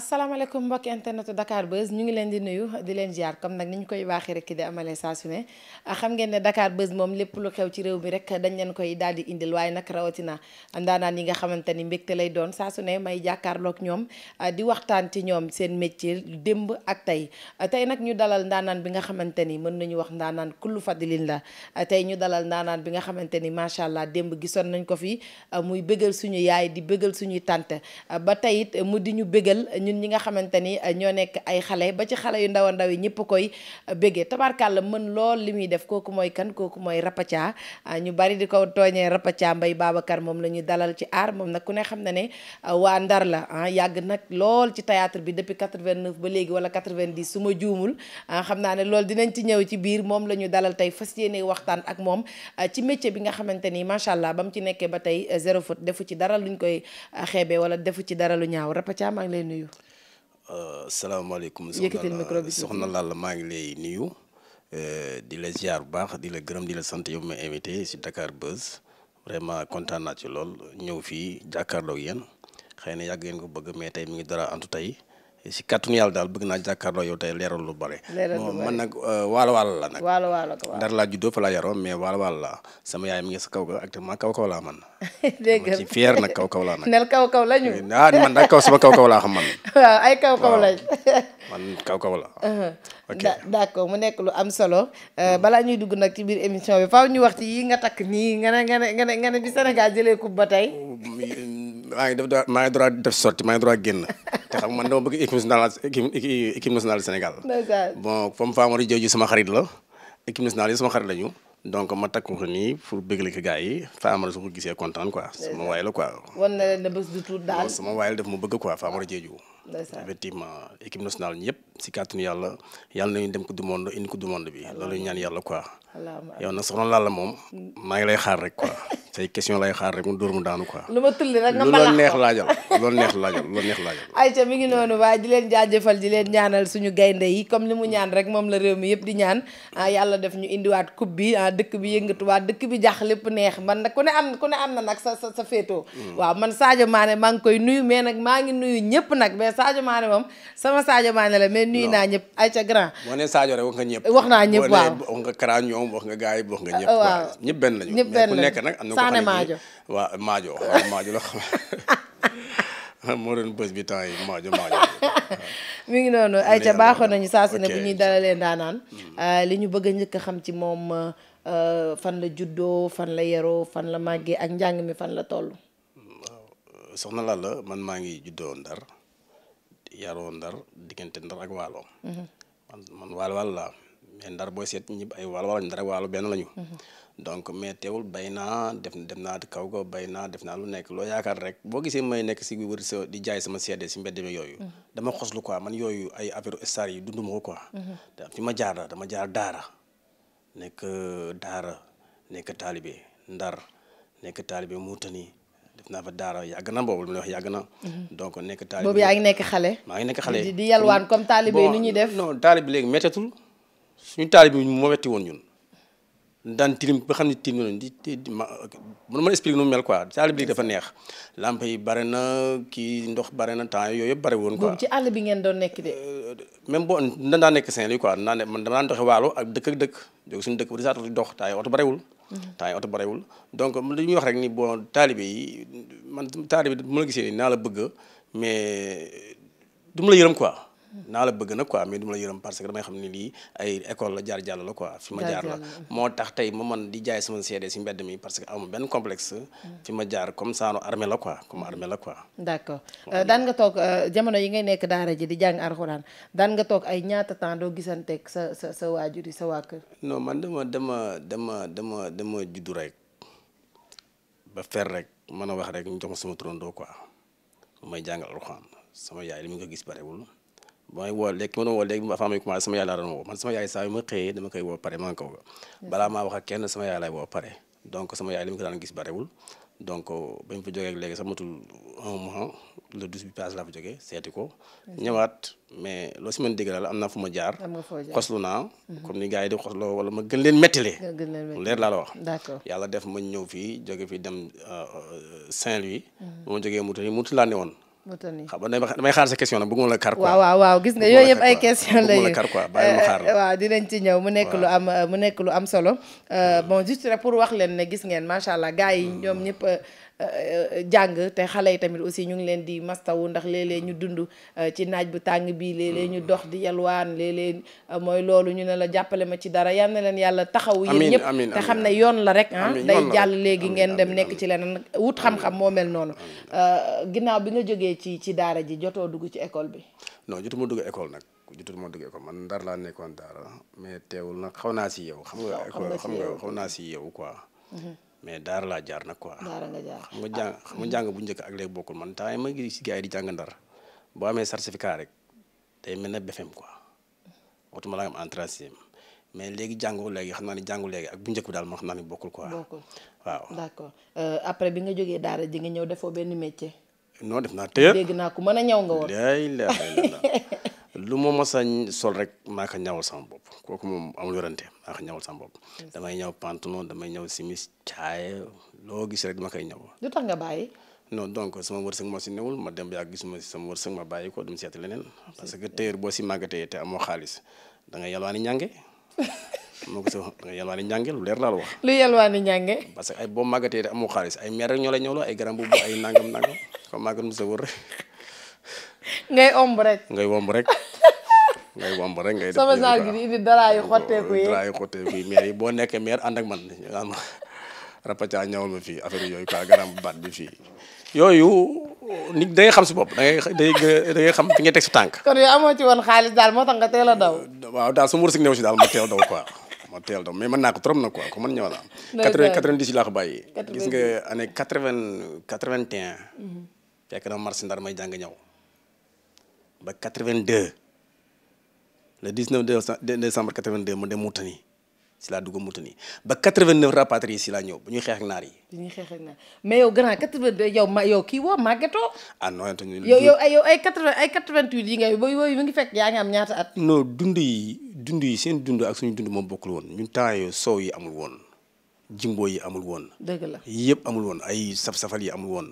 asalaamaaleykum mbokk internetu Dakar Buzz ñu ngi leen di nuyu di leen ziar comme nag ni ñu koy waaxee rek di amalee saa su ne xam ngeen ne Dakar bés moom lépp lu xew ci réew mi rek dañ leen koy daal di indil waaye nag rawatina ndaanaan yi nga xamante ni mbégte lay doon saa may jàkkaarlook ñoom di waxtaan ci ñoom seen métier démb ak tey tey nag ñu dalal ndaanaan bi nga xamante ni mën nañu wax ndaanaan kullu fadilin la tey ñu dalal ndaanaan bi nga xamante ni macha allah démb gisoon nañ ko fi muy bëggal suñu yaay di bëggal suñuy tante ba tey it di ñu bégal ñun ñi nga xamante ni eh, ñoo nekk ay xale ba ci xale yu ndaw a ndaw yi ñëpp koy eh, béggee tabarkàlla mën lool li muy def kooku mooy kan kooku mooy Rapathia eh, ñu bari di ko tooñee Rapathia mbay Babacar moom la ñu dalal ci aar moom nag ku ne xam na ne waa Ndar la ah, yàgg nag lool ci théâtre bi depuis 89 ba léegi wala 90 su ma juumul xam naa ne loolu dinañ ci ñëw ci biir moom la ñu dalal tey fas yéene waxtaan ak moom ci métier bi nga xamante ni macha allah ba mu ci nekkee ba tey zéro faute defu ci dara luñ koy xeebee wala defu ci dara lu ñaaw Rapathia maa ngi lay nuyu. Euh, salaamaaleykum. yëkkatil micro bi soxna Lalla maa ngi lay nuyu. Euh, di la ziar bu baax di la gërëm di la sant yow ma invité si Dakar Buzz vraiment kontaan naa ci lool ñëw fii jàkkaarloog yéen xëy na yàgg ngeen ko bëgg mais tey mi ngi dara antu tey. si kàttanu yàlla daal bëgg naa jàkkaarloo yow tey leeral lu bare. bon man nag euh, waalo waalo la nag. waalo waalo ko waaw ndar laa juddoo fa laa yaroo mais waalo waalo la sama yaay mi ngi sa kaw ga actuellement kaw kaw laa man. dégg nga ci fier nag kaw kaw laa nag. nel kaw kaw la ñu. ah man nag kaw sama kaw kaw laa xam man. waaw ay kaw kaw lañ. man kaw kaw la. Uh-huh. ok d'accord mu nekk lu am solo. Euh, balaa ñuy dugg nag ci biir émission bi faaw ñu wax yi nga takk nii nga ne nga ne nga ne bi Sénégal jëlee coupe ba tey. Oh, maa ngi def maa ngi droit def sorti maa ngi droit génn te xam man dama bëgg équipe nationale équipe nationale Sénégal. bon comme Famara Diédhiou sama xarit la équipe nationale yi sama xarit lañu. donc ma takku ko nii pour bëggal ko gars yi Famara su ko gisee kontaan quoi. sama waay la quoi. wan na leen sama waay la def mu bëgg quoi Famara Diédhiou. effectivement équipe nationale ñëpp si kàttanu yàlla yàlla nañu dem ko du monde indi ko du monde bi loolu ñaan yàlla quoi yow na soxna Lalla moom mm. maa ngi lay xaar rek quoi say question lay xaar rek mu dóor mu daanu quoi lu ma tulli rek nga loolu neex laajal loolu neex laajal loolu neex laajal ayca mi ngi mm. noonu waaye di leen jaajëfal di leen ñaanal suñu gaynde yi comme li mu ñaan rek moom la réew mi yëpp di ñaan ah, yàlla def ñu indiwaat coupe bi ah, dëkk bi yëngatuwaat dëkk bi jax lépp neex man ku ne am ku ne am na nag sa sa féetoo mm. waaw man Sadio Mané maa ngi Sadio Mané moom sama Sadio Mané la mais nuyu ay ca grand boo nee Sadio ñëpp wax naa ñëpp wax nga Kara yi wax nga ñëpp ah, waaw ñëpp ñëpp benn lañu ku am na ko Sané Maajo waaw Maajo waaw Maajo la xam bi ngi noonu ay ca nañu saa su ne ñuy dalalee ndaanaan mm-hmm. euh, li ñu bëgg a njëkk a xam ci moom euh, fan la juddoo fan la yaroo fan la màggee ak njàng mi fan la toll mm, waaw euh, soxna la man maa ngi juddoo Ndar yaroo ndar diggante ndar ak waalo man man waalo waalo laa mais ndar booy seet ñëpp ay waalo waalo lañ ndar ak waalo benn lañu donc mais teewul bay naa def dem naa kaw ga bay naa def naa lu nekk loo yaakaar rek boo gisee may nekk si di jaay sama seede si mbedd mi yooyu dama xoslu quoi man yooyu ay affaire star yi dunduma ko quoi fi ma jaar dama jaar daara nekk euh, daara nekk taalibe ndar nekk taalibe muutani def naa fa daara yàgg na boobu lu may wax yàgg na. Mhm. donc nekk taalibe boobu yaa ngi nekk xale. maa ngi nekk xale di di yalwaan comme taalibe yi nu ñuy def. non taalibe léegi méttatul suñu di ma man ma expliquer nu mu mel quoi taalibe léegi dafa neex lampe yi bare na kii ndox bare na temps yooyu yëpp bare woon. quoi boobu ci àll bi ngeen doon nekk de. Euh, même boo danaa nekk Saint-Louis quoi danaa ne man danaa doxe waalo ak dëkk ak dëkk suñu dëkk ba di saa dox temps yii barewul temps yi oto barewul donc li ñuy wax rek ni boo taalibe yi man taalibe bi mu la gisee nii naa la bëgg mais du ma la yërëm quoi. naa la bëgg na ko mais du la yërëm parce que damay xam ne lii ay école la jaar jàll la quoi fi ma jaar la moo tax tey ma man di jaay sama seede si mbedd mi parce que amu benn complexe fi ma jaar comme saano armée la quoi comme armée la quoi d'accord euh, daan nga toog euh, jamono yi ngay nekk daara ji di jàng arxuraan daan nga toog ay ñaata temps doo gisanteeg sa sa sa waajur yi sa waa kër non man dama dama dama dama dama juddu rek ba fer rek mën a wax rek ñu jox sama turandoo quoi may jàngal alxuraan sama yaay li mu ko gis barewul mooy woo léegi ma doon woo léegi avant may commencé sama yaay laa doon woo man sama yaay saa yu ma xëyee dama koy woo pare maa ngi balaa maa wax ak kenn sama yaay laay woo pare donc sama yaay li ma ko daan gis barewul donc bañ fa jógee seeti ko. ñëwaat mais loo si mën dégg daal am naa fu ma jaar. xoslu naa. Mhm. comme ni gars yi di xosloo wala ma gën leen méttilee. leer laa la wax. d'accord yàlla def ma ñëw fi jóge fi dem euh, euh, Saint-Louis. Mhm. ba ma jógee Moutali Moutali laa ne woon. xam nga damay xaar sa question nag bëgguma la kar quoi waaw waaw gis nga yooyu yëpp ay question la yu eh, waaw dinañ ci ñëw mu nekk lu am mu nekk lu am solo euh, bon juste rek pour wax leen ne gis ngeen macha allah gars yi hmm. ñoom ñëpp jàng te xale yi tamit aussi ñu ngi leen di mastawu ndax léeg-léeg ñu dund euh, ci naaj bu tàng bii léeg-léeg ñu dox di yalwaan léeg-léeg euh, mooy loolu ñu ne la jàppale ma ci dara yal na leen yàlla taxawu yéen ñëpp te xam ne yoon la rek ah jàll léegi ngeen dem nekk ci leneen wut xam-xam moo mel noonu euh, ginnaaw bi nga jógee ci ci daara ji jotoo dugg ci école bi non jotuma dugg école nag jotuma dugg école man ndar laa nekkoon daara mais teewul nag xaw naa si yow xam nga xaw naa si yow quoi mm-hmm. mais daara laa jaar nag quoi. daara nga jaar xam nga jàng bu njëkk ak léegi bokkul man temps ma ngi si gars yi di jàng ndar boo amee certificat rek day mel ne BFEM quoi waxtuma la nga am en troisième mais léegi jàngu léegi xam naa ne jàngu léegi ak bu njëkk bi daal moo xam naa ne bokkul quoi. bokkul waaw d'accord euh, après bi nga jógee daara ji nga ñëw defoo benn métier. non def naa tëyër dégg naa ku mën a ñëw nga woon. lu ma sa sol rek maa ko ñawal sama bopp kooku moom amul werante maa ko ñawal sama bopp. damay ñaw pantalon damay ñaw simis caaya loo gis rek ma koy ñaw. lu tax nga bàyyi. non donc sama wërsëg moo si newul ma dem ba gisuma si sama wërsëg ma bàyyi ko dem seeti leneen parce que tailleur boo si màggatee te amoo xaalis da nga yalwaani ñànge moo ko si da nga yalwaani ñànge lu leer laa la wax. lu yalwaani ñànge. parce que ay boo màggatee te amoo xaalis ay mer rek ñoo lay ñëwloo ay garam bu ay nangam nangam ko màggat mu sa wër. ngay omb rek. ngay wamb rek ngay def sama genre gi di indi dara yu xotteeku yi dara boo nekkee maire ànd ak man am rapaca ñawal ma fii affaire yooyu quoi garam baat bi fii yooyu nit da xam si bopp da ngay da ngay da xam fi ngay teg sa tànk. kon yow amoo ci woon xaalis daal moo tax nga teel a daw. Euh, waaw daal su ma wërsëg néew si daal ma teel daw quoi ma teel daw mais mën naa ko trop na quoi ko man ñëw la am. quatre-vingt-dix yi laa ko gis nga année quatre-vingt vingt mhm. na marché ndar may jàng ñëw ba quatre-vingt-deux le 19 décembre 82 mu dem Moutani si laa dugg Moutani ba 89 rapatrié si laa ñëw bu ñuy xeex ak naar yi. bu ñuy xeex ak naar mais yow grand 82 yow ma yow kii woo màggetoo. ah non yow yow ay yow ay 80 ay 88 yi ngay booy booy mi ngi fekk yaa ngi am ñaata at. non dund yi dund yi seen dund ak suñu dund moom bokkul woon ñun temps yooyu soow yi amul woon. jimbo yi amul woon. dëgg la yëpp amul woon ay saf-safal yi amul woon.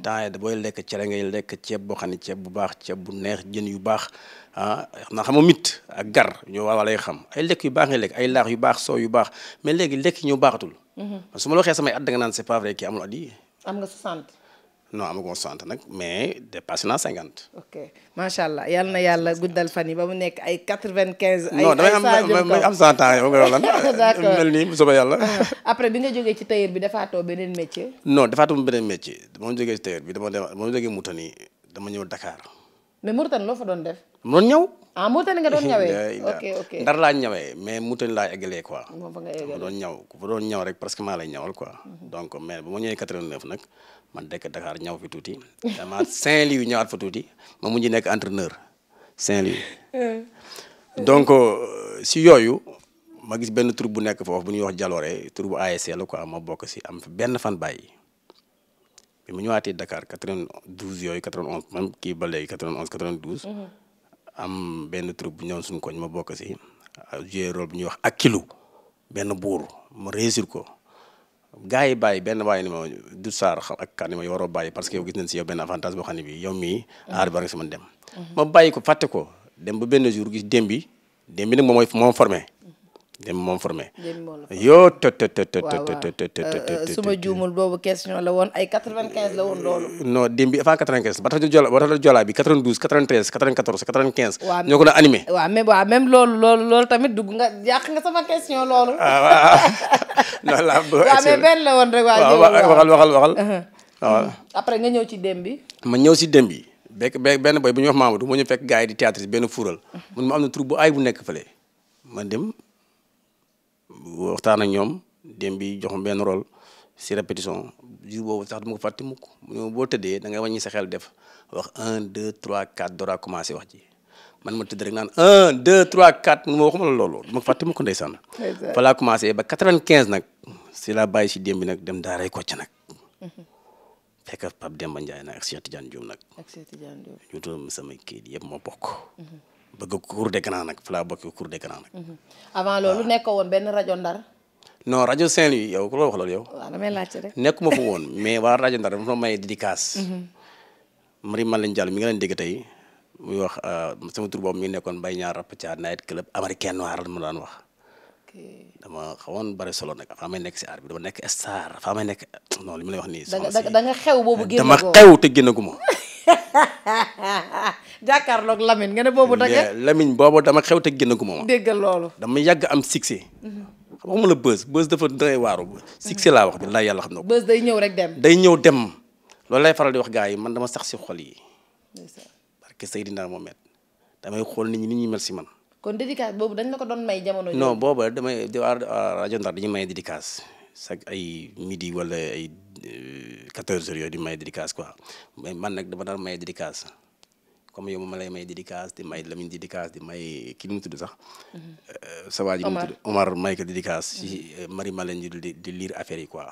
temps da booy lekk cere ngay lekk ceeb boo xam ne ceeb bu baax ceeb bu neex jën yu baax ah na xam mit a gar ñoo waa lay xam ay lekk yu baax ngay lekk ay laax yu baax soow yu baax mais léegi lekk ñoo baaxatul. Mhm. su ma la waxee samay at naan c'est pas amul at am nga 60. non amaguma soixante nag mais dépassé a cinquante. ok macha allah yal na yàlla guddal fan yi ba mu nekk ay quatre-vingt-quinze. ay non damay am damay am cent ans yow nga lan. d'accord mel nii bu soobee yàlla. Ah, après bi nga jógee ci tailleur bi defaatoo beneen métier. non defaatuma beneen métier ba mu jógee ci tailleur bi dama dem ba mu jógee Moutani dama ñëw Dakar. mais Moutani loo fa doon def. mu doon ñëw. ah Moutani nga doon ñawee. ok ok ndar laa ñawee mais Moutani laa eggalee quoi. moom fa nga eggalee doon ñaw ku fa doon ñaw rek lay ñawal quoi. Mhm. donc mais ba ma ñëwee quatre vingt man dëkk Dakar ñaw fi tuuti dama Saint-Louis ñëwaat fa tuuti ma mujj nekk entraîneur Saint-Louis euh. donc euh, si yooyu ma gis benn troupe bu nekk foofu bu ñuy wax Jaloore troupe bu ASC la quoi ma bokk si am benn fan bàyyi bi mu ñëwaatee Dakar 92 yooyu 91 même kii ba léegi 91 92. Mhm. am benn troupe bu ñëwoon suñu koñ ma bokk si joué rôle bu ñuy wax Akilu benn buur ma réussir ko. gars yi bàyyi benn waaye ni ma du saar ak kan ma waroo bàyyi parce que yow gis nañ si yow benn avantage boo xam ne bi yow mii aar bi war nga si mën mhm. ma bàyyi ko fàtte ko dem ba benn jour gis démb bi démb bi nag moom moom formé dem moom formé. yoo të të të të të të su ma juumul boobu question la woon ay 95 la woon loolu. non démb bi avant 95 ba tax jola ba tax jola bi 92 93 94 95. waaw ñoo ko doon animé. waaw mais waaw même loolu loolu loolu tamit dugg nga yàq nga sama question loolu. ah waaw non la. waaw mais benn la woon rek waaw waxal waxal waxal. Uh-huh. waaw mm-hmm. après nga ñëw ci démb bi. ma ñëw si démb bi. bekk benn boy bu ñuy wax Mamadou moo ñu fekk gars yi di théâtre benn fuural. man mm-hmm. ma am na troupe bu aay bu nekk fële. ma dem. waxtaan a ñoom dem bi jox ma benn rôle si répétition jour boobu sax dama ko fàtte mukk mu ne boo tëddee da ngay wàññi sa xel def wax un deux trois quatre dora commencé wax ji man ma tëdd rek naan un deux trois quatre mu ma waxuma la loolu dama ko fàtte mukk ndeysaan fa laa ba quatre-vingt-quinze nag si laa bàyyi si démb bi nag dem daaray Kocc nag mhm. fekk Pape Demba Ndiaye nag ak Cheikh Tidiane Diop nag. ak Cheikh Tidiane Diop ñu turam bokk. Mhm. bëgg cour des grands nag fa laa ko cour des grands nag. Mhm. avant loolu nekkoo woon benn rajo Ndar. non rajo Saint-Louis yow ku la wax loolu yow. waaw damay laajte rek nekkuma fa woon mais waa rajo Ndar dafa may dédicace. Mhm. Marie Malène Diallo mi nga leen dégg tey muy euh, mi nekkoon Baye Niang Rap ca Night Club américain noir la ma daan wax. dama xawoon bari solo nag faa may nekk si aar bi dama nekk star faa may nekk non li ma lay wax nii. da nga xew boobu génn dama jàkkaarloog Lamine nga ne boobu dagge Lamine boobu dama xew te génn gu ma. déggal loolu. dama yàgg am succès. xam nga la bës bës dafa dangay waaru. succès laa wax bi laa yàlla xam na ko. bës day ñëw rek dem. day ñëw dem loolu lay faral di wax gars yi man dama sax si xol yi. parce que Seydina Mohamed damay xool ni ñi nit ñi mel si man. kon dédicace boobu dañ la ko doon may jamono. non boobu damay rajo Ndar dañuy may dédicace chaque ay midi wala ay. 14 euh, heures yooyu di may dédicace quoi mais man nag dama daan may dédicace comme yow ma lay may dédicace di may Lamine dédicace di may ki nu mu tudd sax. Mm-hmm. Euh, sa waa ji mu tudd Omar may ko dédicace. ci mm-hmm. euh, Marie Malène di di liir lire affaire yi quoi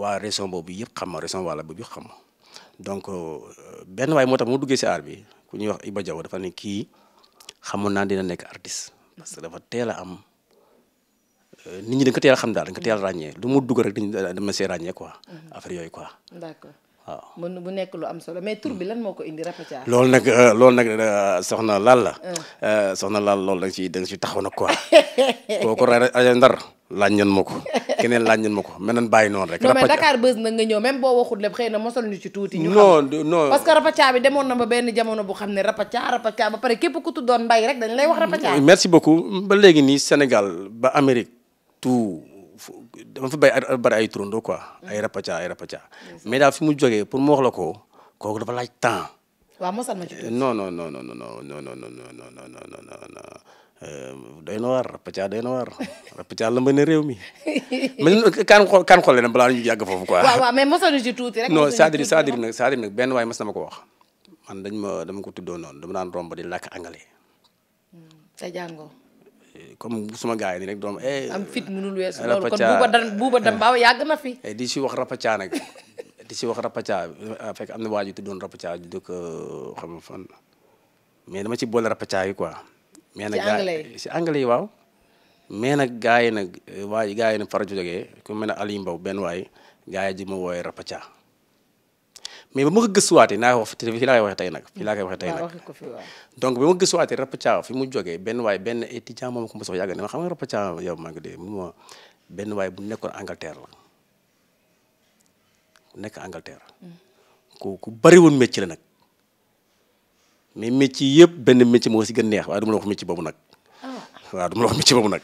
waa région boobu yëpp xam ma région wala boobu yëpp xam ma donc benn waay moo tax mu duggee si aar bi ku ñuy wax Iba Diaw dafa ne kii xamoon naa dina nekk artiste. parce que dafa teel a am. nit ñi dañ ko teel a xam daal dañ ko teel a ràññee lu mu dugg rek dañ dama see ràññee quoi bu nekk lu am solo mais tur bi lan moo ko indi Rapathia loolu nag euh, loolu nag euh, soxna laal la euh, soxna laal lool da nga ci da nga ci taxaw nag quoi kooku rajo Ndar laaj ñan ma ko keneen laaj ñan ma ko meneen bàyyi noonu rek non mais na mosal ñu ci tuuti ñu non non parce que Rapathia bi demoon na ba benn jamono bu xam ne Rapathia Rapathia ba pare képp ku tuddoon mbay rek dañ lay wax Rapathia merci beaucoup ba léegi nii Sénégal ba Amérique tout dama fa bay bari ay turandoo quoi ay rapaca ay rapaca mais daal fi mu jógee pour mu wax la ko kooku dafa laaj temps. waaw mosal ma ci tuuti. non non non non non non non non non non non doy na waar rapaca doy na waar rapaca lëmb na réew mi man kan na balaa ñu yàgg ñu ci tuuti rek. non c'est-à-dire c'est-à-dire nag cest waay mas na ma ko wax man ma dama ko tuddoo noonu da daan romb di làkk anglais. te jàngoo. comme suma gars yi nii rek doom eh, am fit mënul weesu loolu buuba dan baaw eh. yàgg na fi. Eh, di si wax rapaca nag di si wax rapaca fekk am na waa ji tuddoon rapaca di ko euh, xam fan. mais dama ci boole rapaca yi quoi. mais nag gars yi waaw. nag gars yi nag waa gars yi nag fara jógee ku mel ne Aliou Mbow benn waay gars yi di ma woowee rapaca. mais ba ma ko gëstuwaatee naa ko wax fii laa koy waxee tey nag donc ba ma gëstuwaatee Rapa Thiaw fi mu jógee benn waay benn étudiant moom ko mos a yàgg ne ma xam nga ma benn waay bu nekkoon Angleterre la nekk Angleterre mm. ku la nag mais métier yëpp benn métier moo si gën neex waaye du ma la wax métier boobu nag ah. nag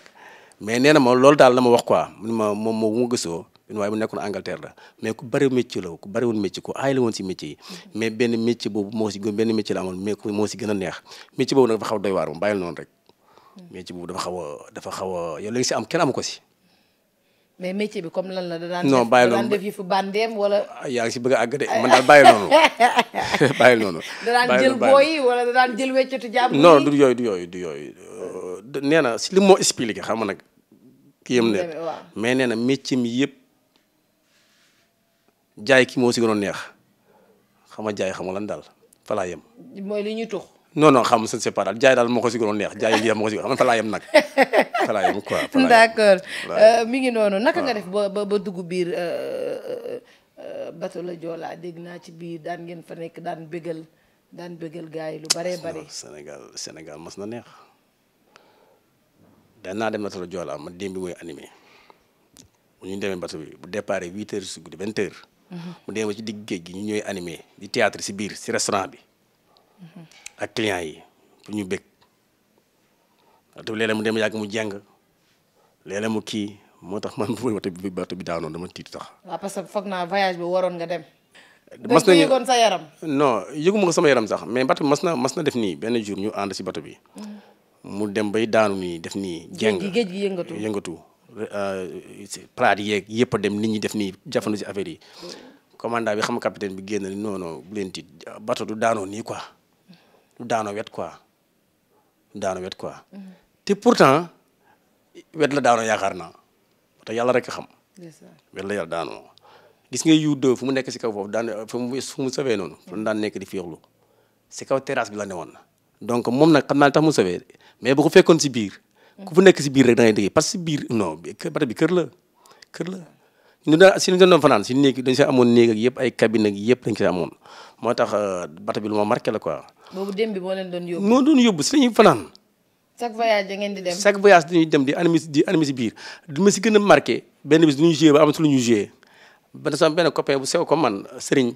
mais nee na ma loolu daal la ma wax quoi mu ma moom moo bu ma gëstoo benn waaye bu nekkoon Angleterre la mais ku bëri métier la ku bëriwoon métier ku aay si métier mais benn métier boobu moo si gën benn métier ku moo si gën a neex métier boobu nag dafa xaw doy waar moom bàyyil noonu rek hmm. dafa xaw a dafa xaw a yow léegi si am kenn ko si mais métier bi comme lan la daan non bàyyi noonu def yëfu bandeem wala ah, yaa si bëgg a àgg bàyyi noonu bàyyi noonu da daan jël booyi wala da jël weccetu jàmm non du yooyu du yooyu du yooyu euh, nee na si li moo expliqué xam nga nag kii yam ne mais nee na métier mi yëpp jaay ki moo si gënoon neex xam a jaay xam nga lan daal fa laa yem. mooy li ñuy tux. non non xam nga c'est pas daal jaay daal moo ko si gënoon neex jaay lii moo ko si gënoon xam nga fa laa yem nag fa laa yem quoi. d'accord euh, mi ngi noonu naka nga def ba ba dugg biir euh, euh, bateau la Joola dégg naa ci biir daan ngeen fa nekk daan bégal daan bégal gars yi lu baree bare. Sénégal Sénégal mas na neex daan naa dem bateau la Joola ma démb bi mooy animé bu ñu demee bateau bi bu départ 8 heures si guddi 20 mu dee ba ci digg géej gi ñu ñooy animé di théâtre si biir si restaurant bi ak client yi pour ñu bëgg te mu dem yàgg mu jàng léeg-léeg mu kii moo tax man bu bi bi daanoon dama tiitu tax. parce que foog naa voyage bi waroon nga dem. mas nañu yëgoon yaram. non yëguma ko sama yaram sax mais bato mas na mas na def nii benn jour ñu ànd si bato bi. Mm-hmm. mu dem bay daanu nii def nii. jàng géej gi yëngatu yëngatu. Euh, euh, palaat yeeg yëpp a dem nit ñi def nii jafandu si affaire yi commandant bi xam capitaine bi génn non non bu leen tiit bato du daanoo nii quoi du daanoo wet quoi du daanoo wet quoi mm-hmm. te pourtant wet la daanoo yaakaar naa te yàlla rek xam wet la yàlla daanoo gis nga yu deux fu mu nekk si kaw foofu daan fu mu fu sawee noonu lan daan nekk di féexlu si kaw terrasse bi la newoon donc moom nag xam naa tax mu sawee mais bu ko fekkoon si biir ku fu nekk si biir rek da ngay liggéey parce que si biir non bata bi kër la kër la ñu daan si ñu si néeg dañ amoon néeg ak yëpp ay cabine ak yëpp dañ si amoon moo tax euh, bata bi lu ma marqué la quoi. boobu dem moo leen doon yóbbu. moo doon yóbbu si lañuy fanaan. chaque voyage da ngeen di dem. chaque voyage dañuy dem di animé di animé si biir du ma si gën a marqué benn bi du ñu joué ba amatul lu ñu joué ba sama benn copain bu sew ko man Serigne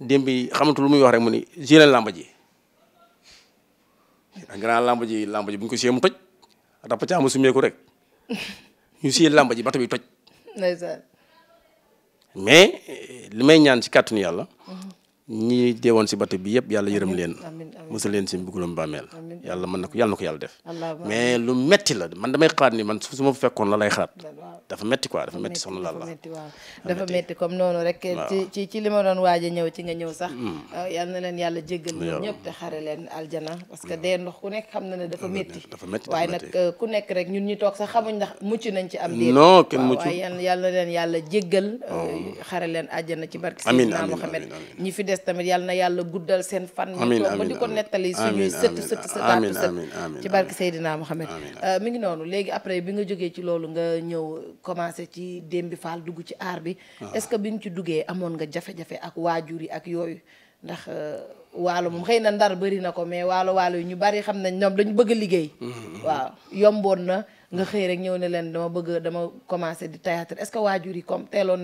dem bi xamatu lu muy wax rek mu ni joué leen làmba ji grand làmba ji làmba ji bu ñu ko joué mu toj. rab ca ama sumeeku rek ñu siyee làmb ji bato bi toj mais li may ñaan ci kàttanu yàlla mhm. ñi deewoon si bato bi yëpp yàlla yërëm leen musal leen si mbugalum bàmmeel yàlla mën na ko yàlla def mais lu metti la man damay xalaat ni man su ma fekkoon la lay xalaat dafa metti quoi dafa metti soxna Lalla dafa metti comme noonu rek ci ci ci li a ñëw ci nga ñëw sax mm. ah, yal na leen yàlla jéggal ñoom ñëpp te xare leen aljana parce que dee ndox ku xam na ne dafa metti dafa metti waaye nag euh, ku nekk rek ñun ñi toog sax xamuñ ndax mucc nañ ci am dee non kenn mucc waaye yàlla na leen yàlla jéggal euh, oh. xare leen aljana ci barke Seydina Muhammad ñi fi des tamit yàlla na yàlla guddal seen fan ñu toog ba di ko nettali suñuy sëtt sëtt sëtaatu sët ci barke Seydina Mohamed euh, mi ngi noonu léegi après bi nga jógee ci loolu nga ñëw commencé ci Demby Fall dugg ci aar bi ah. est-ce que bi nga ci duggee amoon nga jafe-jafe ak waajur yi ak yooyu ndax euh, waalo moom xëy na ndar bari na ko mais waalo waalo yi ñu bari xam nañ ñoom dañu bëgg a liggéey mm, mm, mm. waaw yomboon na nga xëy rek ñëw ne leen dama bëgg dama commencé di théâtre est-ce que waajur yi comme teeloon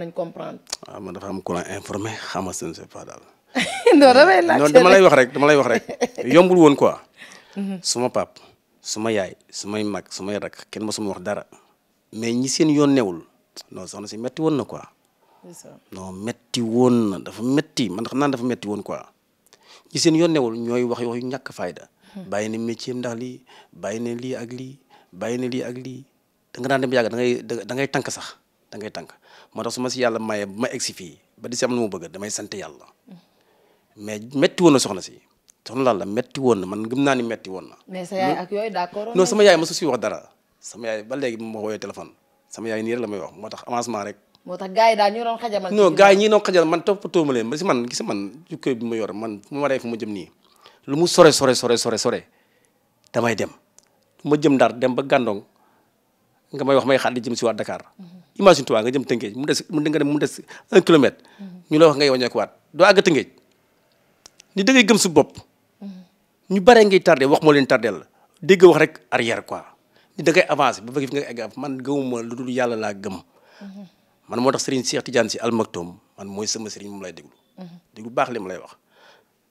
non damay euh, laaj dama lay wax rek dama lay wax rek yombul woon quoi. Mhm. suma pap suma yaay sumay mag sumay rak kenn ma suma wax dara mais ñi seen yoon newul non soxna si metti woon na quoi. non metti woon na dafa metti man xam naa dafa metti woon quoi. ñi yoon newul ñooy wax wax yu ñàkk fayda. Mhm. ndax lii bàyyi na lii ak lii bàyyi na lii ak lii da nga daan dem yàgg da ngay da sax da ngay tànk su ma si yàlla maye ba ma egg si fii ba di si am lu mu bëgg damay sant yàlla. Mhm. mais métti woon na soxna si soxna laal la métti woon na man gëm naa ni métti woon na. mais sa yaay ak yooyu d'accord. non sama yaay mosu si wax dara sama yaay ba léegi ma woowee téléphone sama yaay nii rek la may wax moo tax avancement rek. moo tax gars yi daal ñu doon xajamal. non gars yi ñi doon xajamal man toppatoo ma leen ba si man ma yor ma waree fu ma jëm nii lu mu sore sore sore ma jëm ndar dem ba gàndong nga may wax may xaar di jëm si waat Dakar mhm. imagine toi nga jëm Tëngéej ni da ngay gëm su bopp ñu bare ngay tardé wax moo leen tardé la a wax rek arrière quoi ni da ngay avancé ba fekk fi nga egg man gëmuma lu dul yàlla laa gëm. man moo tax Serigne Cheikh Tidiane si almaktoom man mooy sama Serigne moom lay déglu. déglu baax li mu lay wax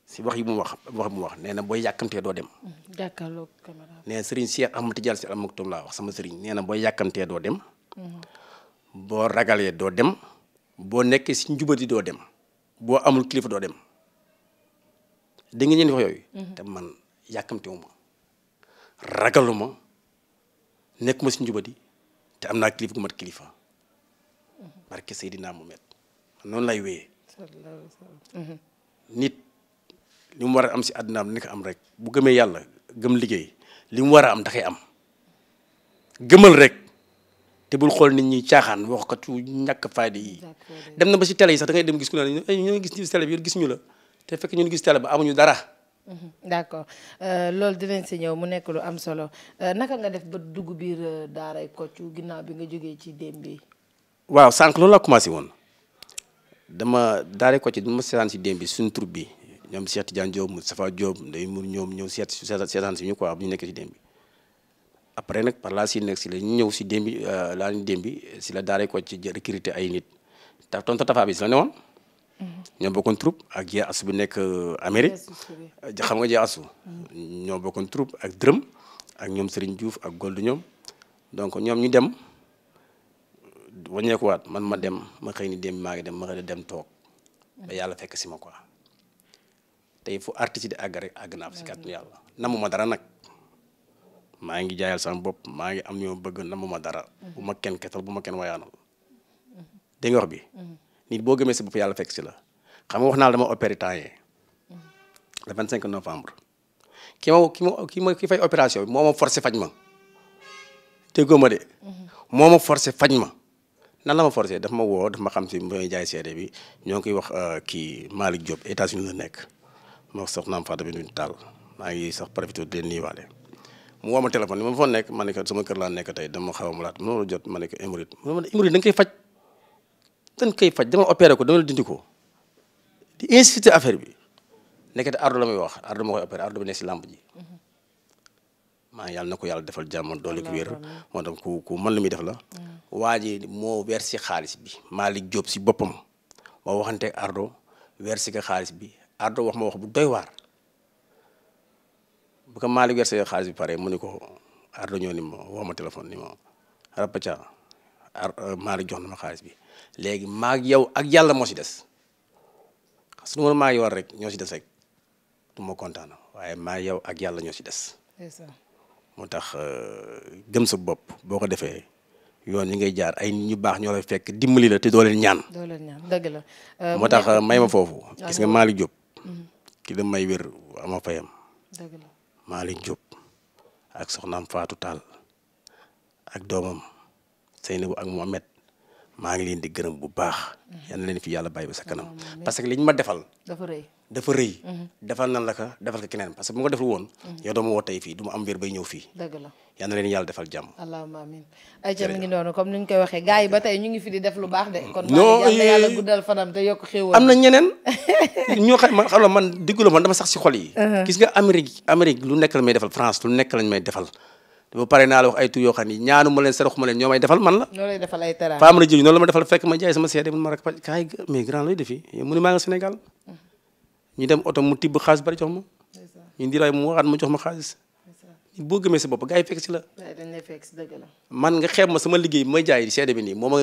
si wax wax wax mu na booy yàkkamtee doo dem. jàkkaarloo caméra nee na Serigne Cheikh Ahmad Tidiane si almaktoom na booy yàkkamtee doo dem. boo ragalee doo dem. boo nekkee si njubadi doo dem. boo amul kilifa doo dem. da nga ñeen wax yooyu mhm. te man yàkkamtiwuma ragaluma nekkuma si njubadi te am naa kilifa gu mat kilifa mhm. barke Seydina Muhammad noonu lay wéyee mhm. nit li war a am si àddinaam ni ko am rek bu gëmee yàlla gëm liggéey li mu war a am da koy am gëmal rek te bul xool nit ñi caaxaan waxkatu ñàkk fayda yi dem na ba si télé yi sax da dem gis ku ne ñu gis ñu télé bi gis ñu la te fekk ñun gis télé ba amuñu dara. Mhm. d'accord euh, loolu dinañ si ñëw mu nekk lu am solo euh, naka nga def ba dugg biir euh, daaray Kocc ginnaaw bi nga jógee ci démb bi. waaw sànq loolu laa commencé woon dama daaray Kocc dama seetaan si démb bi bi ñoom Cheikh Tidiane Diop Moustapha Diop Ndeye Mour ñoom ñëw seet seetaan si ñu ko am ñu nekkee si démb bi après nag par là si nekk si la ñu ñëw si démb bi laa ñu démb bi si la daaray Kocc ci recruter ay nit ta tontu Tafa bi si la ne woon. ñoo bokkoon troupe ak jee asu bi nekk euh, Amérique euh, xam nga jee asu ñoo bokkoon troupe ak dërëm ak ñoom sëriñ juuf ak Gold ñoom donc ñoom ñu dem waññeekuwaat man ma dem ma xëy ni dem maa ngi dem ma dem toog ba yàlla fekk si ma quoi tey fu artiste di àgg rek àgg naa fa si kàttanu yàlla namuma dara nag maa ngi jaayal sama bopp maa ngi am ñoo bëgg namuma dara mm-hmm. bu ma kenn ketal bu ma kenn wayaanal dégg bi mm-hmm. nit boo gëmee si bopp yàlla fekk si la xam nga wax naa la dama opéré temps yii le 25 novembre ki ma ki ma fay opération bi moo ma faj ma déggoo la ma forcé daf ma woo daf ma xam si mooy jaay seede bi ñoo koy wax euh, kii Malick Diop États-Unis la nekk ma soxnaam Fatou Binetou Tall maa ngi sax profité di leen nuyuwaale. mu woo ma téléphone ni ma fa nekk ma ne ko sama kër laa nekk tey dama xaw a mu laat mënoo jot ne ko hémorroïde ma ma hémorroïde faj. dañ koy faj dama opéré ko dama la dindi ko di incité affaire bi nekkati ardo la muy wax ardo ma koy opéré ardo bi nekk si làmb ji mm-hmm. maa yàlla na ko yàlla defal jàmm doole ku wér moo tax muy def la mm. waa xaalis bi Malick si boppam moo xaalis bi ardo wax ma wax bu doy waar mu ni ko ardo ñoo ma woo ma téléphone ni jox na ma xaalis bi léegi maag yow ak yàlla moo ci des su ma maag yow rek ñoo ci des kontaan waaye maag yow ak yàlla ñoo si des. moo tax euh, gëm sa bopp boo ko defee. yoon yi ngay jaar ay nit ñu baax ñoo lay fekk dimbali la te doo ñaan. Euh, moo tax may ma foofu. gis nga Malick Diop. Mm-hmm. ki la may wér ama fayam. dëgg la Malick ak soxnaam Fatou Tall ak doomam Seynabou ak Mohamed maa ngi leen di gërëm bu baax. yal na leen fi yàlla bàyyi ba sa kanam. parce que liñ ma defal. dafa rëy dafa rëy. Mhm. defal nan la ka defal ko keneen parce que bu ma ko defal woon. Mhm. yow na leen yàlla defal jàmm. allahumma amiin ay ca mi ngi noonu comme ni waxee gars yi ba tey ñu ngi fi di def lu baax de. kon maa yàlla guddal fanam te yokk xéwal. am na ñeneen ñoo la uh-huh. may defal France lu nekk lañ may defal te ba pare naa la wax ay tur yoo xam ni ñaanu ma leen saraxu ma leen ñoo may defal man la. ñoo lay defal ay teraanga la jëriñ noonu la ma defal fekk ma jaay sama seede mu ne nga Sénégal mm-hmm. mu tibb ma ñu ndiraay mu ma jox ma xaalis boo gëmee sa bopp gars yi fekk si la. man nga xeeb ma sama liggéey bi may jaay seede bi nii moom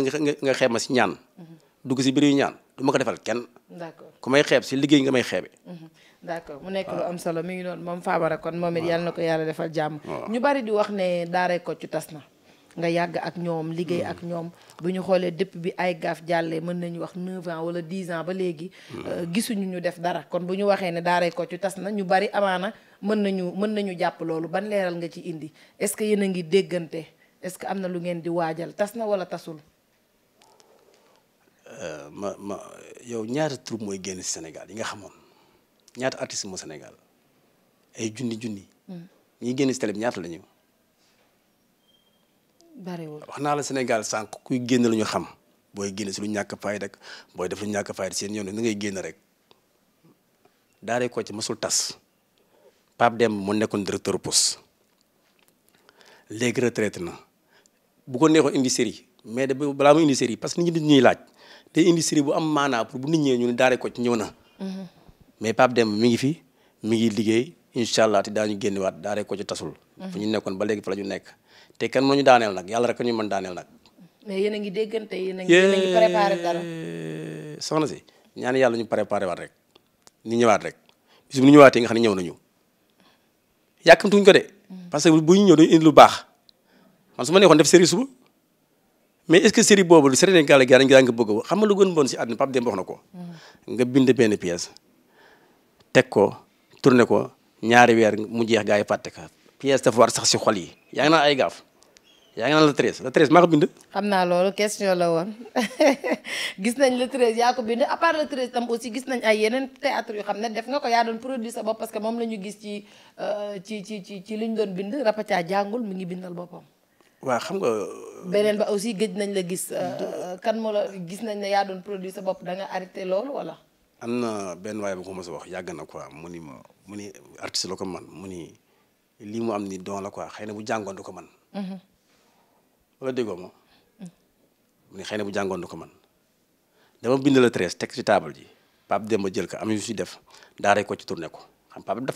nga xeeb ma si ñaan mm-hmm. dugg si biir ñaan du ko defal kenn. d'accord ku may xeeb si liggéey nga may xeebe mm-hmm. d'accord mu nekk lu ah. am solo mi ngi doon moom Famara kon moom it ah. na ko yàlla defal jàmm. Ah. ñu bari di wax ne daaray Kocc tas na. nga yàgg ak ñoom liggéey hmm. ak ñoom bu ñu xoolee depuis bi ay gaaf jàlle mën nañu wax 9 ans wala 10 ans ba léegi. Hmm. Euh, gisuñu ñu def dara kon bu ñu waxee ne daaray Kocc tas na ñu bari amaana mën nañu mën nañu jàpp loolu ban leeral nga ci indi est-ce que yéen a ngi déggante est-ce que am na lu ngeen di waajal tas na wala tasul. Euh, ma ma yow ñaari troupe mooy génn Sénégal yi nga xamoon. ñaata artiste moo Sénégal ay junni junni. ñi génn si télé bi ñaata la ñu. bariwul wax naa la Sénégal sànq kuy génn lañu xam booy génn si lu ñàkk a rek booy def lu ñàkk a fayda seen yoon ni ngay génn rek. daaree ko ci mosul tas Pape Dem moo nekkoon directeur poste léegi retraité na bu ko neexoon indi série mais de balaa mu indi série parce que nit ñi dañuy laaj te indi série bu am maanaa pour bu nit ñee ñu ne daaree ko ci ñëw na. Mhm. mais Pape dem mi ngi fi mi ngi liggéey incha allah te daañu génnewaat daaree ko ci tasul. Mhm. fu ñu nekkoon ba léegi fa la ñu nekk te kan moo ñu daaneel nag yàlla rek ñu a ngi ngi yéen a ngi préparé si ñaan yàlla ñu préparé waat rek ñu ñëwaat rek bis bu ñu ñëwaatee nga xam ne ñëw nañu yàkkamtuñ ko de. Mhm. parce que bu ñu ñëw dañu lu baax man su ma neexoon def série suba mais est-ce que série boobu lu Sénégal gars yi dañ ko bëgg xam nga lu gën bon si àdduna Pape Demba wax na ko. Mhm. nga bind benn pièce. teg ko tourné ko ñaari weer mu jeex gaa yi fàtte ka pièce dafa war sax si xol yi yaa ngi naan ay gaaf yaa ngi naan le treize le treize maa ko bind. xam naa loolu question la woon gis nañ le treize yaa ko bind à part le tam aussi gis nañ ay yeneen théâtre yu xam ne def nga ko yaa doon produit sa bopp parce que moom la gis euh, ci ci ci ci li ñu doon bind Rapathia jàngul mu ngi bindal boppam. waa xam nga. beneen ba aussi gëj nañ la gis. Euh, kan moo la gis nañ ne yaa doon sa bopp da nga arrêté am na benn waaye bu ko mos a wax yàgg na quoi mu ni ma mu ni artiste la ko man mu ni lii mu am ni don la quoi xëy bu jàngoon du ko man wala mhm. déggoo ma mu ni xëy na bu jàngoon du ko man dama bind la treize teg ci table ji Pape Demba jël ko am yu si def daaree ko ci tourné ko mhm.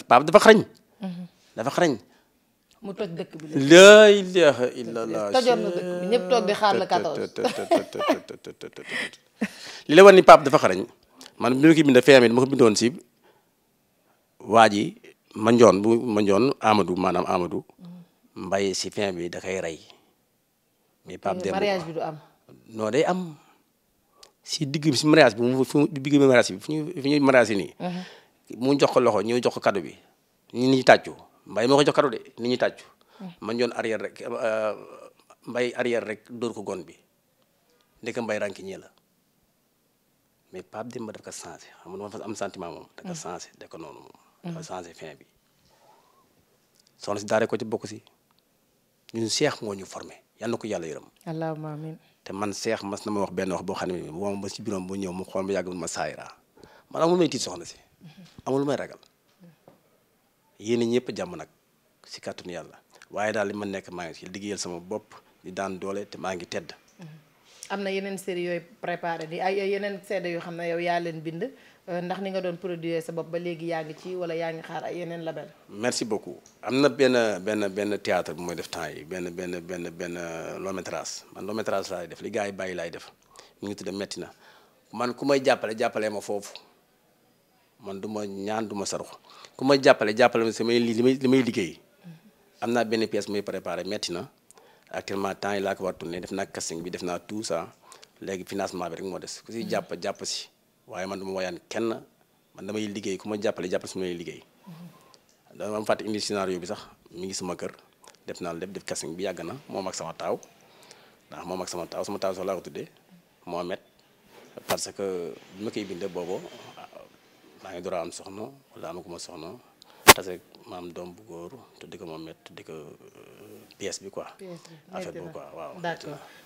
bi laa ilaaha illallah tojoon na dëkk bi ñëpp toog di xaar la 14 li la war ni Pape dafa xarañ man bi ma ko bindee feeyam it ma ko bindoon si waa ji manjoon bu manjoon Amadou maanaam Amadou Mbaye si fin bi da koy rey. mais Pape Demba mariage bi am. si digg si mariage bi mu fu digg mariage bi ñuy fu ñuy uh-huh. mu jox ko loxo ñu jox ko kado bi nit ñu tàccu Mbaye moo ko jox kado de nit ñi tàccu. Uh-huh. manjoon arrière rek euh, Mbaye ko gon bi ndeke Mbaye rànkiñee la. mais Pape Demba daf ko changé xam nga dafa am sentiment moom. ko mm. changé da ko mm. dafa changé fin bi. soxna si daare ko ci bokk si ñun seex moo ñu formé yal na ko yàlla yërëm. allahumma te man seex mas na ma wax benn wax boo xam ne bi moom ba si ñëw mu xool ma yàgg ma saayira man amul may tiit soxna si. Mm-hmm. amul may ragal. yéen ñëpp jàmm nag si kàttanu yàlla waaye daal li ma nekk maa ngi si liggéeyal sama bopp di daan doole te maa ngi tedd. Mm-hmm. am na yeneen série yooyu préparé di ay yeneen CD yoo xam ne yow yaa leen bind euh, ndax ni nga doon produire sa bopp ba léegi yaa ngi ci wala yaa ngi xaar ay yeneen label. merci beaucoup am na benn benn benn théâtre bu mooy def temps yi benn benn benn benn long man long métrage laay def li gars yi bàyyi laay def mu ngi tudd metti na man ku may jàppale jàppale ma foofu man du ma ñaan duma ma ku may jàppale jàppale ma samay li may li may liggéey mm-hmm. am naa benn pièce muy préparé metti na. actuellement temps yi laa ko war tourné def naa casting bi def naa tout ça léegi financement bi rek moo des ku si jàpp jàpp si waaye man duma wayaan kenn man damay liggéey ku ma jàppale jàppale su ma liggéey dama am fàtte indi scénario bi sax mi ngi sama kër def naa lépp def casting bi yàgg na moom ak sama taaw ndax moom ak sama taaw sama taaw sax laa ko tuddee Mohamed parce que bi ma koy bindee boobu ah, maa ngi door a am soxna wala amagu ma soxna parce maam am doom bu góor te di ko moom it di ko euh, pièce bi quoi. affaire bi quoi waaw. d'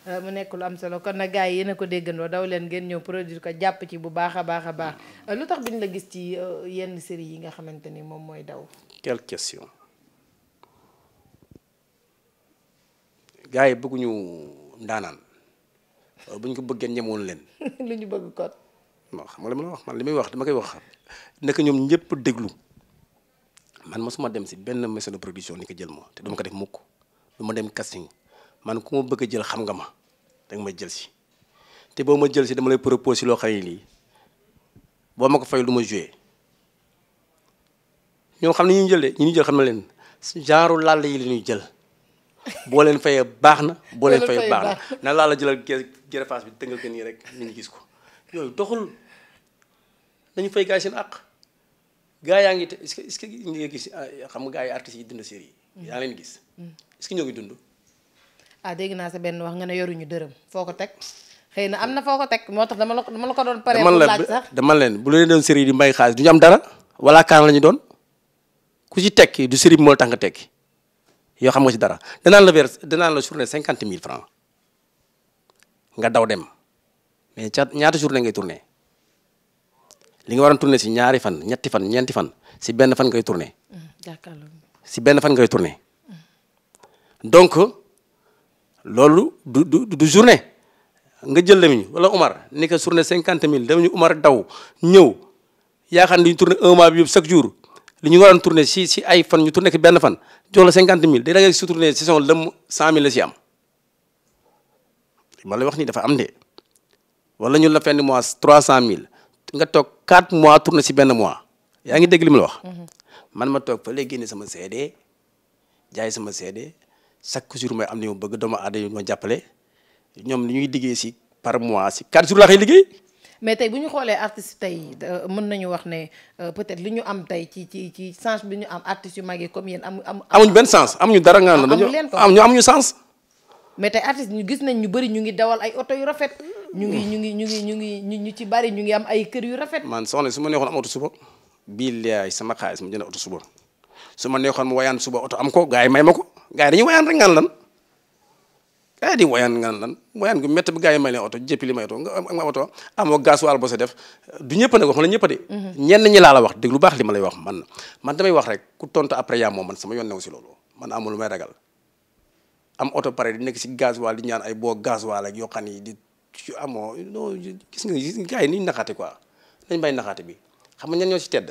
euh, mu nekk lu am solo kon nag gaa yi yéen ko déggandoo daw leen ngeen ñëw produire ko jàpp ci bu baax a baax a baax mm-hmm. euh, lu tax biñ la gis ci yenn série yi nga xamante ni moom mooy daw. quelle question gars yi bëgguñu ndaanaan buñ ko bëggee ñemoon leen. lu ñu bëgg kon. non xam nga la ma la wax man li may wax dama koy wax naka ñoom ñëpp déglu. man mosuma dem si benn maison de production ni ko jël moo te duma ko def mukk du ma dem casting man ku ma bëgg a jël xam nga ma da nga ma jël si te boo ma jël si dama lay proposé loo xam yi lii boo ma ko fay lu ma joué ñoo xam ne ñu jël de ñu ñu jël xam na leen genre lalla yi la ñuy jël boo leen fayee baax na boo leen fayee baax na na la jëlal gërëfaas bi tëngal ko nii rek ni ñu gis ko yooyu doxul dañu fay gaay seen àq gaa yaa ngi te est-ce que est-ce que ñu gis ah, xam nga gaa yi artistes yi dund série mm. yaa ngi leen gis. Mm. est-ce ngi dund. ah dégg naa sa benn wax nga ne yoruñu dërëm foo ko teg xëy na am na foo ko teg moo tax dama la la ko doon paree. pour laaj sax dama leen bu leen doon série yi di mbay xaalis du ñu am dara wala kaan la ñu doon ku ci tekki du série bi moo tax nga tekki yoo xam nga ci dara danaan la vers danaan la journée cinquante mille francs nga daw dem mais ca ñaata journée ngay tourné. li nga waroon tourné si ñaari fan ñetti fan ñeenti fan si benn fan ngay tourné. si benn fan ngay tourné. donc loolu du du du journée nga jël lamiñ wala Umar ni ko journée cinquante mille ñu Umar daw ñëw yaakaar ni ñu tourné un mois bi yëpp chaque jour li ñu waroon tourné si si ay fan ñu tourné ki benn fan jox la cinquante mille day da ngay si tourné saison cent mille si am. ma lay wax nii dafa am de wala ñu la fenn mois trois cent mille nga toog 4 mois tourné si benn mois yaa ngi dégg li mu la wax. man ma toog fa léegi génne sama CD jaay sama CD chaque jour may am li ma bëgg doomu aadama ma jàppale ñoom li ñuy liggéey si par mois si 4 jours laa mais tey bu ñu xoolee artistes tey euh, mën nañu wax ne euh, peut-être li ñu am tey ci ci ci bi ñu am artistes yu mag yi comme yéen amu am amuñ benn sens amuñu dara nga am ñu amuñu sens mais tey artistes ñu gis nañ ñu bëri ñu ngi dawal ay oto yu rafet ñu ngi ñu ngi ñu ngi ñu ngi ñu ci bari ñu ngi am ay kër yu rafet. man soxna su ma neexoon am oto suba billaay sama xaalis ma jënd oto suba su ma neexoon ma wayaan suba oto am ko gars yi may ma ko gars yi dañuy wayaan rek ngaan lan gars yi di wayaan ngaan lan wayaan gu métti bi gars yi may leen oto jéppi li may oto nga am oto amoo gasoil boo sa def du ñëpp nag wax ma la ñëpp de mhm. ñenn ñi laa la wax dégg lu baax li ma lay wax man man damay wax rek ku tontu après yaa moom man sama yoon new si loolu man amul lu may ragal am oto pare di nekk si gasoil di ñaan ay boo gasoil ak yoo xam ni di amoo ah, non gis nga gars yi ni ñu naxaate quoi nañ bàyyi naxaate bi xam nga ñan ñoo ci tedd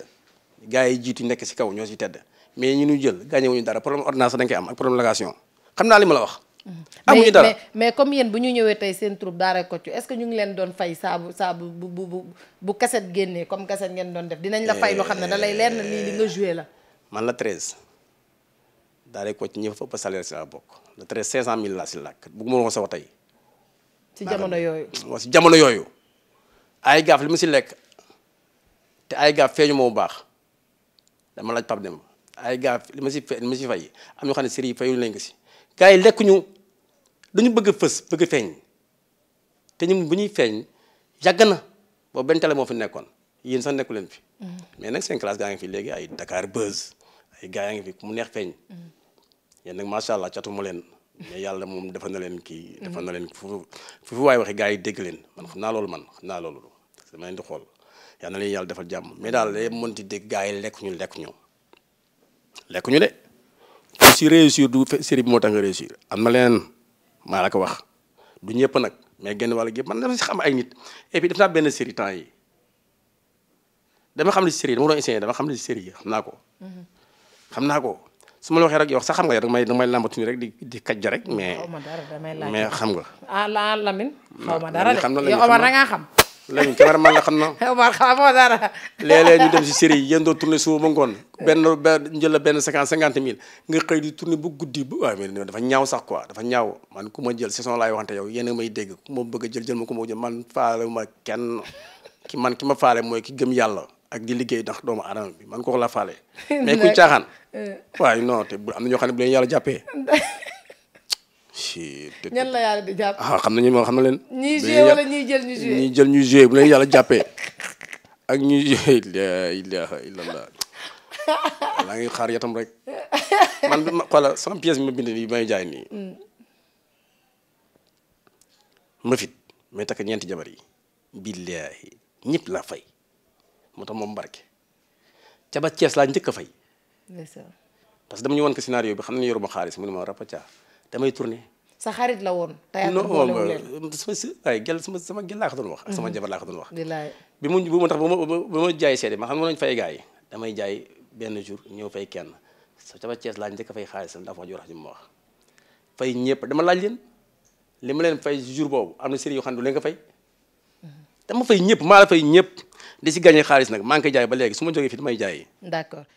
gars yi jiitu nekk ci kaw ñoo ci tedd mais ñu nu jël gagné wuñu dara problème ordonnance dañ am ak problème location xam naa li ma la wax. Mm-hmm. amuñu dara mais comme yéen bu ñu ñëwee tey seen troupe daara kocc est-ce ñu ngi leen doon fay saabu saabu bu bu bu bu kaset génnee comme ngeen doon def dinañ la fay loo xam ne da lay leer li nga joué la. man la 13 daara kocc ñi fa ëpp salaire si laa bokk le 13 500000 laa si làkk bëgguma woon sa wax tey. ci jamono yooyu. waaw si jamono yooyu ay gaaf li ma si lekk te ay gaaf feeñu moo baax dama laaj Pape dem ay gaaf li ma si li ma si fay am ñoo xam ne sëriñ yi fayul nañ ko si. gars yi lekk ñu dañu bëgg fës bëgg feeñ te ñu bu ñuy feeñ yàgg na boo benn tele moo fi nekkoon yéen sax nekku leen fi. Mm-hmm. mais nag seen classe gaa ngi fi léegi ay Dakar Buzz ay gars yaa ngi fi mu neex feeñ. Mm-hmm. yéen nag macha allah catu leen. mais yàlla moom dafa na leen kii. Mm-hmm. dafa na leen fu fu waay waxee gars yi dégg leen man xam naa loolu man xam naa loolu dama leen di xool na leen yàlla defal jàmm mais daal day mën di dégg gaa yi lekk ñu lekk ñu lekk ñu de. fu si réussir du série bi moo tax nga réussir am na leen maa la ko wax du ñëpp nag mais genn wàll gi man dafa si xam ay nit et puis benn série temps yi dama xam li si série dama doon dama xam li si série yi xam naa ko. Mm-hmm. xam naa ko. su ma la waxee rek yow sax xam nga da may da may làmbatuñu rek di di kàjj rek mais. mais xam nga. ah la Lamine. xaw ma dara de yow Omar da ngaa xam. Lamine cameraman la xam na. Omar xamoo dara. léeg-léeg ñu dem si série yi doo tourné suba ngoon benn benn njël la benn cinquante cinquante mille nga xëy di tourné bu guddi bu waaw mais dafa ñaaw sax quoi dafa ñaaw man ku ma jël saison laay waxante yow yéen a may dégg ku bëgg a jël jël ma ku ma jël man faale ma kenn ki man ki ma faale mooy ki gëm yàlla ak di liggéey ndax doomu aadama bi man ko la faale. mais euh. waaye non bu na ñoo xam ne bu leen yàlla jàppee. Ah, nañu moo xam na leen. jël ñuy joué yàlla jàppee ak ñu joué la laa ngi xaar yatam rek man bi ma xoola sama pièce bi ma bind nii may jaay nii. Mm. ma fit may takk ñeenti jabar yi. billaahi ñëpp laa fay. moo tax moom Mbarké ca ba laa njëkk fay. parce que dama ñu woon ko scénario bi xam ne yoruma xaalis mu ne ma rapatia damay tourné. sa xarit la woon. théâtre boole wu leen non sama si waaye gel sama sama gel laa wax. Mhm. laa bi mu bu ma tax ba ma ba ma jaay seede ma xam ne mën nañu fay gars yi damay jaay benn jour ñëw fay kenn sa ca ba laa njëkk fay xaalis dafa ma jox li ma wax. fay ñëpp dama laaj leen li ma leen fay jour boobu am na série yoo xam ne du leen ko fay mhm. dama fay ñëpp maa la fay ñëpp di si gagné xaalis nag maa ngi koy jaay ba léegi su ma